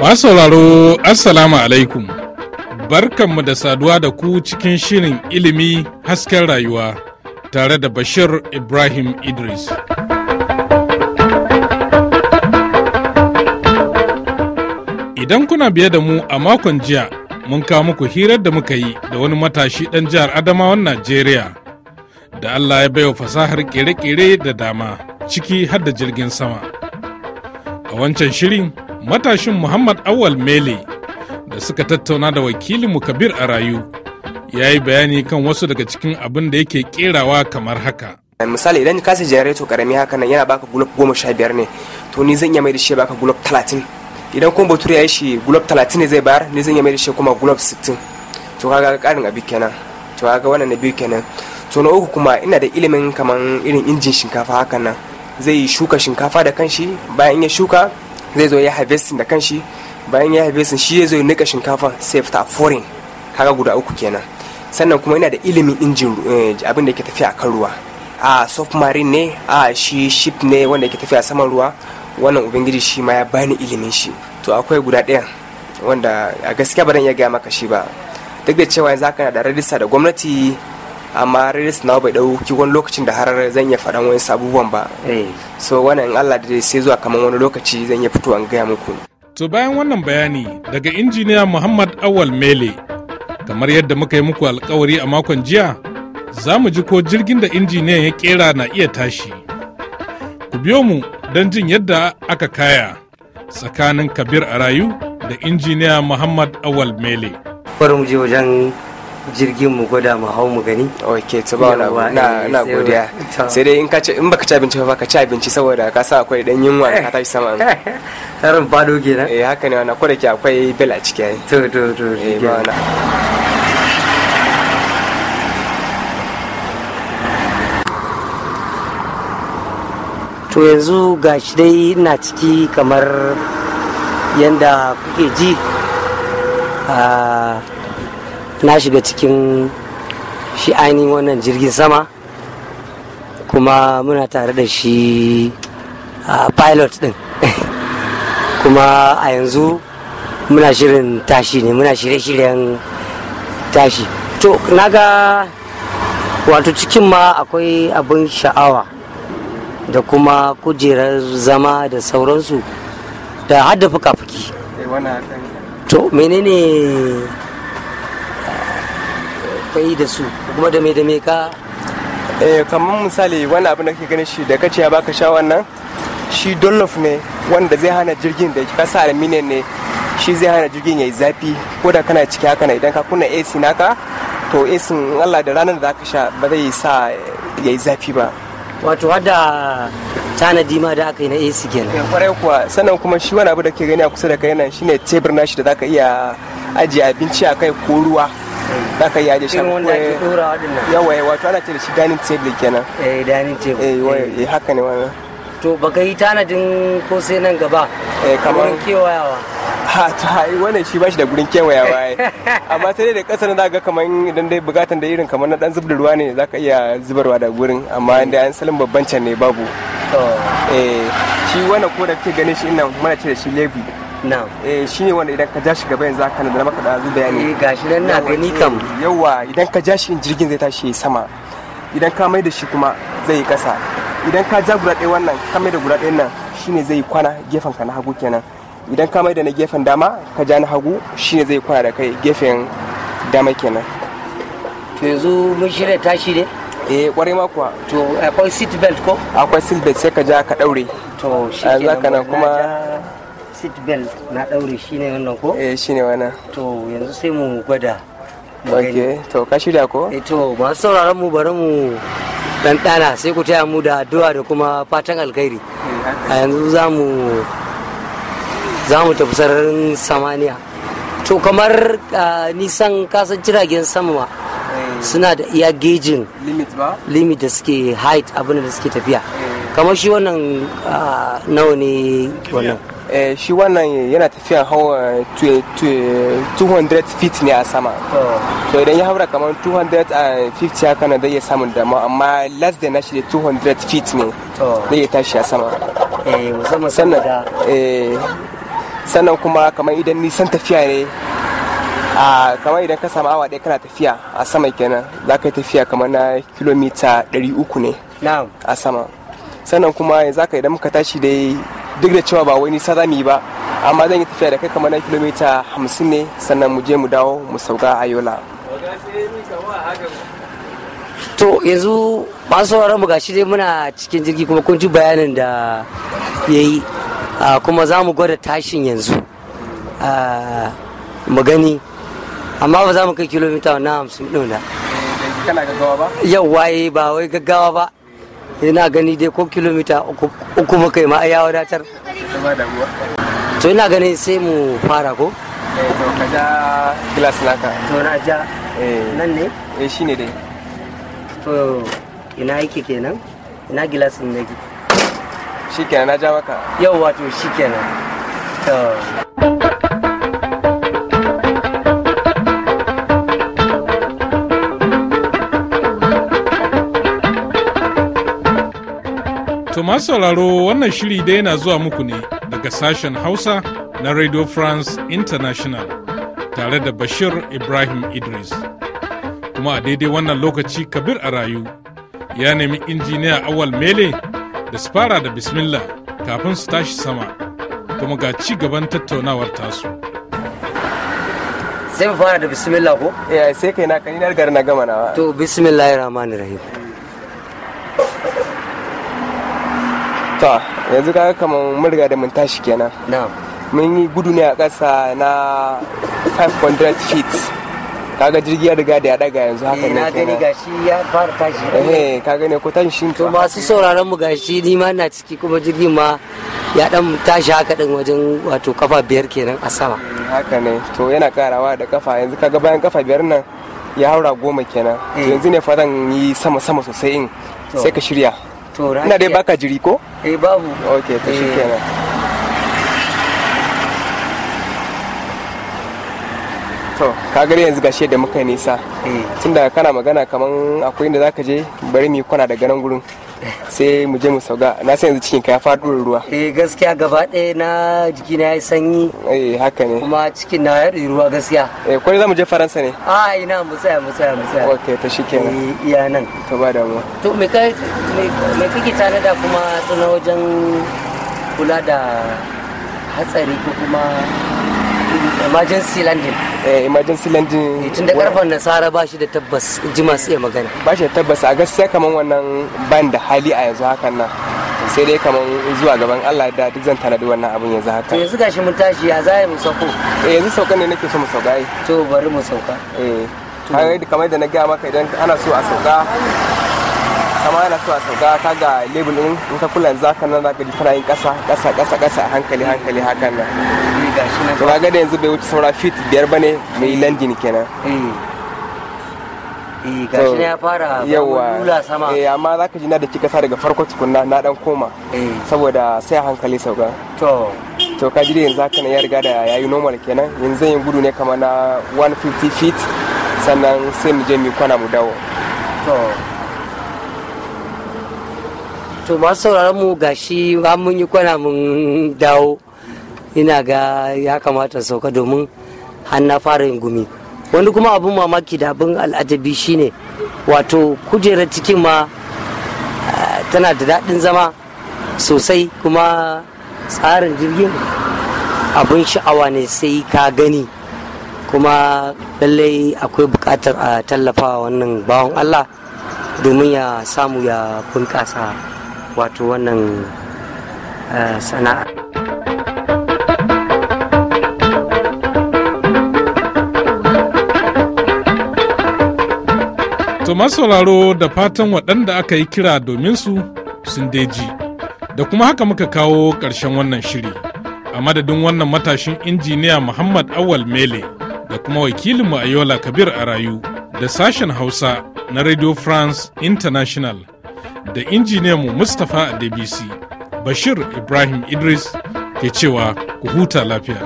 Masu sauraro Assalamu alaikum barkanmu da saduwa da ku cikin shirin ilimi hasken rayuwa tare da Bashir Ibrahim Idris. Idan kuna biye da mu a makon jiya mun kawo muku hirar da muka yi da wani matashi ɗan jihar Adamawan Najeriya da Allah ya baiwa fasahar kere-kere da dama ciki har da jirgin sama. A wancan shirin matashin Muhammad Awal Mele da suka tattauna da wakilinmu Kabir a rayu ya yi bayani kan wasu daga cikin abin da yake kerawa kamar haka. misali idan ka sai janareto karami haka nan yana baka gulob goma sha biyar ne to ni zan iya mai da shi baka gulob talatin idan kuma bature ya yi shi gulob talatin ne zai bayar ni zan iya mai da shi kuma gulob sittin to kaga karin abi kenan to kaga wannan na biyu kenan so na uku kuma ina da ilimin kamar irin injin shinkafa hakan nan zai shuka shinkafa da kanshi bayan ya shuka zai zo ya harvesting da kanshi bayan ya harvesting shi zai zo ya nika shinkafa sai fita foreign kaga guda uku kenan sannan kuma ina da ilimin injin eh, abin da ke tafiya akan ruwa a soft marine ne a shi ship ne wanda ke tafiya saman ruwa wannan ubangiji shi ma ya bani ilimin shi to akwai guda ɗaya, wanda a gaskiya ba zan iya gaya maka shi ba duk da cewa yanzu haka na da rajista da gwamnati amma radio na bai dauki wani lokacin da har zan iya faɗan wani sabuwan ba eh. so wani in Allah da sai zuwa kamar wani lokaci zan iya fito an gaya muku to bayan wannan bayani daga injiniya Muhammad Awal Mele kamar yadda muka yi muku alkawari a makon jiya za mu ji ko jirgin da injiniyan ya kera na iya tashi ku biyo mu don jin yadda aka kaya tsakanin kabir a rayu da injiniya muhammad awal mele bari mu wajen jirgin mu gwada mu hau mu gani ok to ba wani na eh, na godiya sai dai in ka in baka ci abinci ba ka ci abinci saboda ka sa akwai dan yunwa ka tashi sama karin fado kenan eh haka ne da ke akwai bel a ciki ai to to to eh ba to yanzu gashi dai ina ciki kamar yanda kuke ji a ah, na shiga cikin shi ainihin wannan jirgin sama kuma muna tare da shi a pilot din kuma a yanzu muna shirin tashi ne muna shirye-shiryen tashi to naga wato cikin ma akwai abin sha'awa da kuma kujerar zama da sauransu da haddafa fuki eh, to menene kai da su kuma da me da me ka eh kamar misali wani abu da kake ganin shi da kace ya baka sha wannan shi dollof ne wanda zai hana jirgin da sa aluminium ne shi zai hana jirgin ya yi zafi ko da kana ciki haka idan ka kunna ac naka to ac Allah da ranar da zaka sha ba zai sa ya yi zafi ba wato hada tanadi ma da aka yi na ac kenan kwarai eh, kuwa sannan kuma shi wani abu da ke gani a kusa da kai nan shine tebur nashi da zaka iya ajiye abinci a kai ko ruwa za ka yi aje shan wanda ake dora eh, waɗannan yawa eh, ana ce da shi dining table kenan eh dining table eh, eh. haka ne wannan to baka yi tanadin ko sai nan gaba eh kamar kewayawa ha to ai wannan shi bashi da gurin kewayawa ai amma sai dai da kasar da ga kamar idan dai bukatan da irin kamar na dan zubda ruwa ne za ka iya zubarwa da gurin amma inda an salin babban can ne babu eh shi wannan ko da kake ganin shi ina mana ce da shi levy na'am eh shine wanda idan ka jashi gaba yanzu haka da maka da zu bayani eh gashi nan na gani kam yawa idan ka jashi shi jirgin zai tashi sama idan ka mai da shi kuma zai yi kasa idan ka ja guda ɗaya wannan ka mai da guda ɗayan nan shine zai kwana gefen ka na hagu kenan idan ka mai da na gefen dama ka ja na hagu shine zai kwana da kai gefen dama kenan to yanzu mun shirya tashi ne eh kwarai ma kuwa to akwai seat belt ko akwai seat belt sai ka ja ka daure to shi ke kenan kuma seat belt na daure shine wannan ko eh shine wannan to yanzu sai mu gwada ok to ka shirya ko eh to ba sauraron mu bari mu dan dana sai ku taya mu da addu'a da kuma fatan alkhairi a yanzu za mu za mu tafi sararin samaniya to kamar nisan kasan jiragen sama eh. suna da iya gejin limit da suke height abin da suke tafiya eh. kamar shi wannan nawa ne wannan Eh, shi wannan yana tafiya hawa eh, 200 feet ne a sama to oh. idan ya haura kamar 250 eh, haka na zai iya samun dama amma less than nashi 200 feet ne oh. zai iya tashi a sama sannan kuma kamar idan nisan tafiya ne a kamar idan ka samu awa ɗaya kana tafiya a sama kenan za ka yi tafiya kamar na kilomita 300 ne a sama sannan kuma za ka idan muka tashi dai duk da cewa ba wai nisa za yi ba amma zan yi tafiya da kai kamar na kilomita hamsin ne sannan mu je mu dawo mu sauka a yola to yanzu masu sauraron mu gashi dai muna cikin jirgi kuma kun ji bayanin da ya yi kuma za mu gwada tashin yanzu mu gani amma ba za mu kai kilomita na hamsin ɗin da kana yau waye eh, ba wai gaggawa ba ina eh, gani dai ko kilomita uku muka yi ma wadatar to ina ganin sai mu fara ko eh, to ka ja glass naka to na ja eh. nan ne eh shine dai to ina yake kenan ina glass ne shi shikenan na ja maka yau wato shikenan to To masu sauraro wannan shiri dai na zuwa muku ne daga sashen Hausa na Radio France International tare da Bashir Ibrahim Idris. Kuma a daidai wannan lokaci Kabir a rayu ya nemi injiniya Awal Mele da su fara da Bismillah kafin su tashi sama kuma ga ci gaban tattaunawar tasu. Sai mu fara da Bismillah ko? Eh sai kai na kaninar na gama na. To Bismillahir Rahim. to yanzu ka kamar mun riga da mun tashi kenan mun yi gudu ne a ƙasa na 500 feet kaga jirgi ya riga da ya daga yanzu haka ne eh, na gani gashi ya fara tashi eh kaga ne ko tashi shin to masu sauraron mu gashi ni ma na ciki kuma jirgin ma ya dan tashi haka din wajen wato kafa biyar kenan a sama mm, haka ne to yana karawa da kafa yanzu kaga bayan kafa biyar nan ya haura goma kenan eh. yanzu ne fadan yi sama sama sosai in sai ka shirya to ina dai baka jiri ko eh babu okay to eh. shikenan to ka gari yanzu gashi da muka nisa mm. tunda kana magana kaman akwai inda zaka je bari mu kwana daga nan gurin sai mu je mu sauga na san yanzu cikin ka ya faɗo ruwa eh gaskiya gaba ɗaya na jiki na ya sanyi eh haka ne kuma cikin na ya ruwa gaskiya eh ko za mu je faransa ne a ina mu tsaya mu tsaya mu tsaya okay to shikenan eh, iya nan to ba damuwa to me kai me kike tana da kuma tsana wajen kula da hatsari ko kuma emergency landing eh emergency landing eh, tun da karfan nasara ba shi da tabbas ji masu iya magana ba shi da tabbas a gaskiya kaman wannan ban da hali a yanzu hakan nan sai dai kaman zuwa gaban Allah da duk zan tanadi wannan abun yanzu haka to yanzu gashi mun tashi ya zai mu sauko eh yanzu saukan ne nake so mu sauka ai to bari mu sauka eh kamar da na ga maka idan ana so a sauka kama yana so a sauka ka ga lebul in ka kula yanzu haka nan da ji tana yin kasa kasa kasa a hankali hankali hakan nan to kaga da yanzu bai wuce saura fit biyar bane mai landin kenan eh, eh gashi ya fara yawa sama eh amma zaka ji na da kika sa daga farko tukunna na dan koma eh. saboda sai hankali sauka to to ka ji da yanzu haka ya riga da yayi normal kenan yanzu zan yi gudu ne kamar na 150 feet sannan sai mu je mu kwana mu dawo to to masu sauraron mu gashi ba mun yi kwana mun dawo ina ga ya kamata sauka domin har fara yin gumi wani kuma abin mamaki da abin al'ajabi shine wato kujerar cikin ma eh, tana da daɗin zama sosai kuma tsarin jirgin abin sha'awa ne sai ka gani kuma lallai akwai buƙatar a tallafa wannan bawon allah domin ya samu ya bunƙasa wato wannan eh, sana'a To sauraro da fatan waɗanda aka yi kira domin su sun deji. Da kuma haka muka kawo ƙarshen wannan shiri. A madadin wannan matashin injiniya Muhammad Awal Mele da kuma wakilinmu Ayola Kabir a rayu da sashen Hausa na Radio France International da injiniyanmu Mustapha Adebisi Bashir Ibrahim Idris ke cewa ku huta lafiya.